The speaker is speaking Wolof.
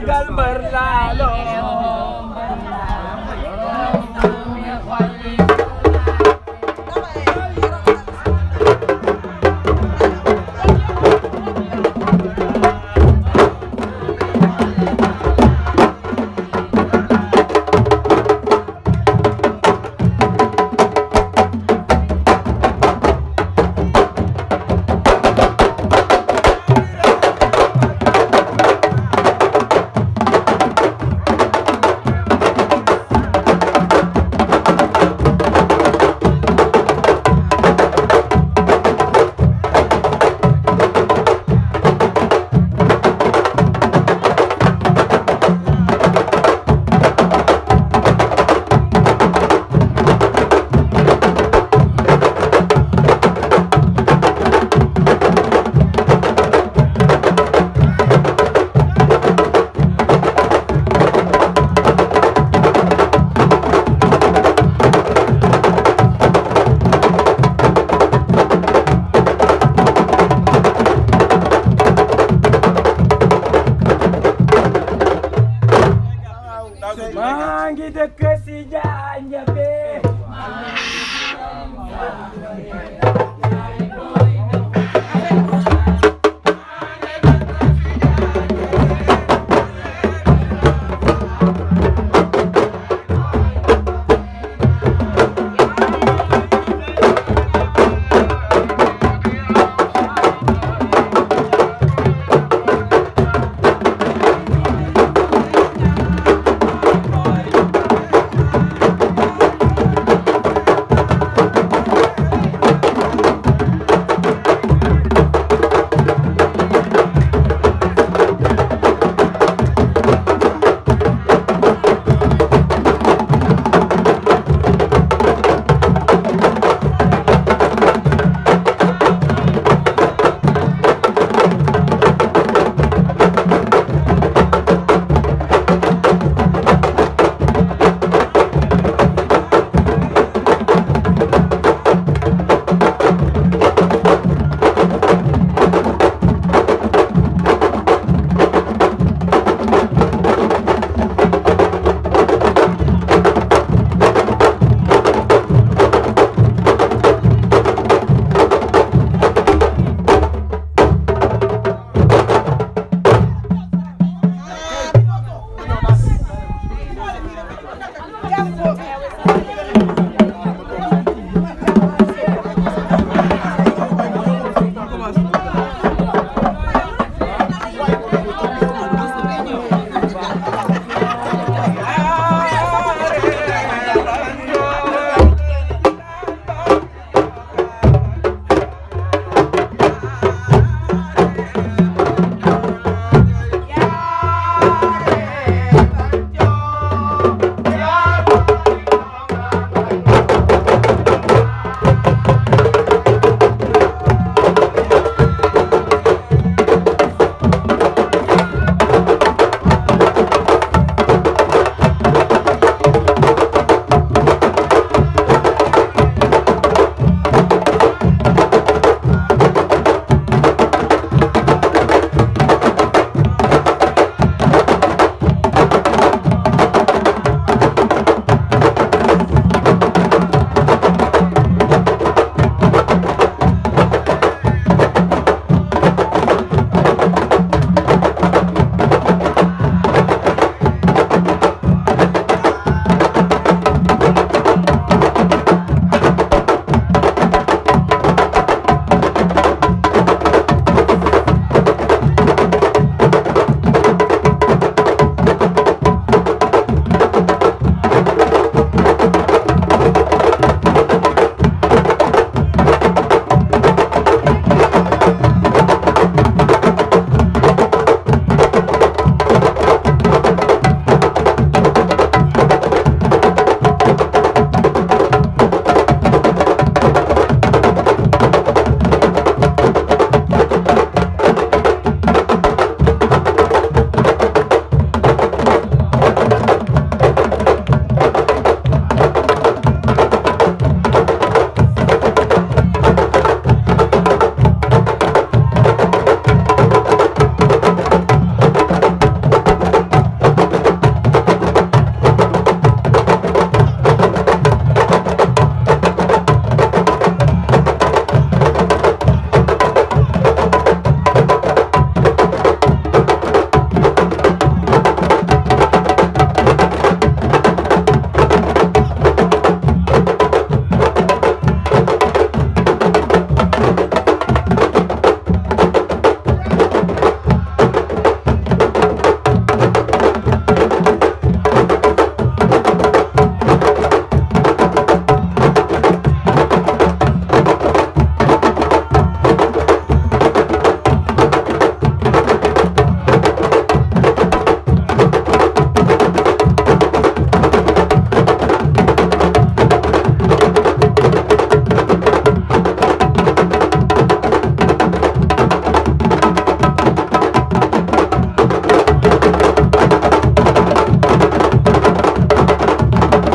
magal mbër laa loo maa ngi dëkk si Janjabe